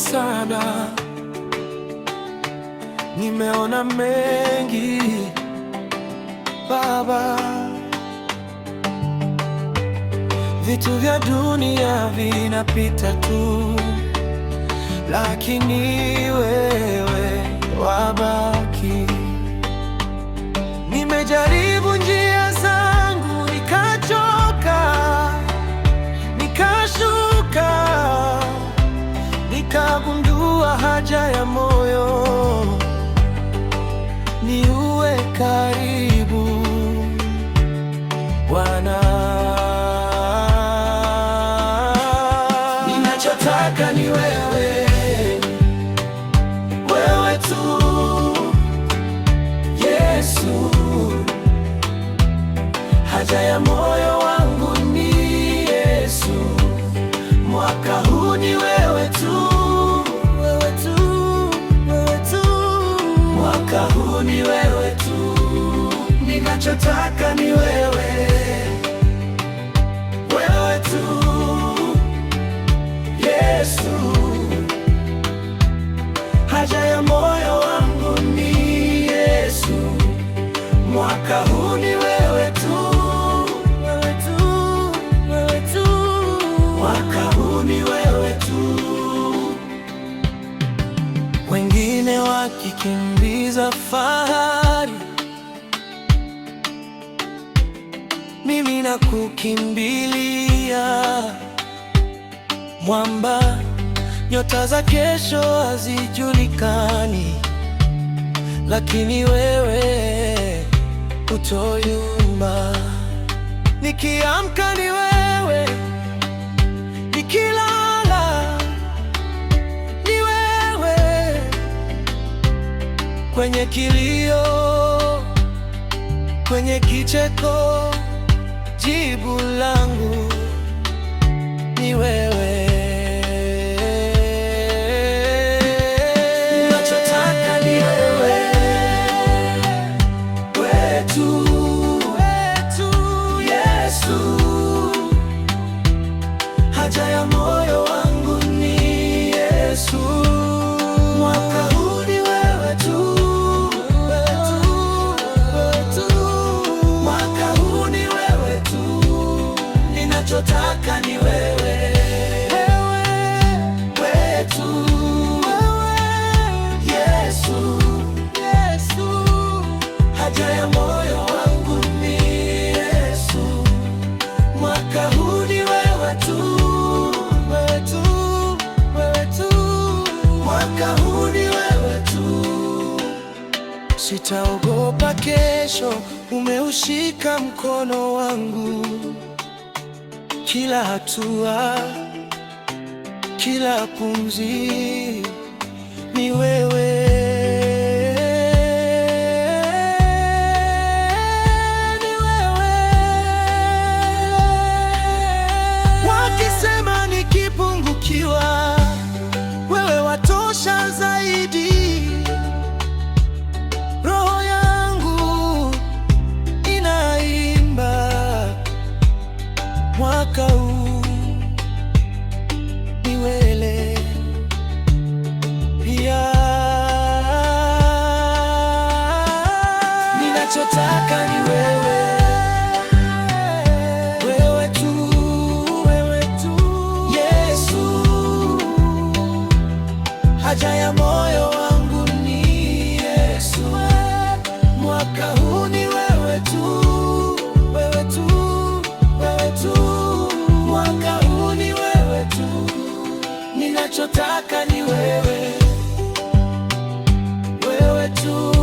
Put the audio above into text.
sana, nimeona mengi Baba, vitu vya dunia vinapita tu, lakini wewe wabaki. Nimejaribu nataka ni wewe, wewe tu Yesu. Haja ya moyo wangu ni Yesu, mwaka huu ni wewe tu, wewe tu, wewe tu, mwaka huu ni wewe tu, ninachotaka ni wewe Yesu, haja ya moyo wangu ni Yesu, mwaka huu ni wewe tu, wewe tu, wewe tu, mwaka huu ni wewe tu. Wengine wakikimbiza fahari, mimi nakukimbilia mwamba, nyota za kesho hazijulikani, lakini wewe utoyumba. Nikiamka ni wewe, nikilala ni wewe, kwenye kilio, kwenye kicheko ninachotaka ni wewe, wewe wetu, wewe Yesu, Yesu, haja ya moyo wangu ni Yesu, mwaka huu ni wewe tu, wewe tu, wewe tu, mwaka huu ni wewe tu, sitaogopa kesho, umeushika mkono wangu kila hatua, kila pumzi ni wewe. Ni wewe. Wakisema nikipungukiwa ninachotaka ni wewe, wewe tu.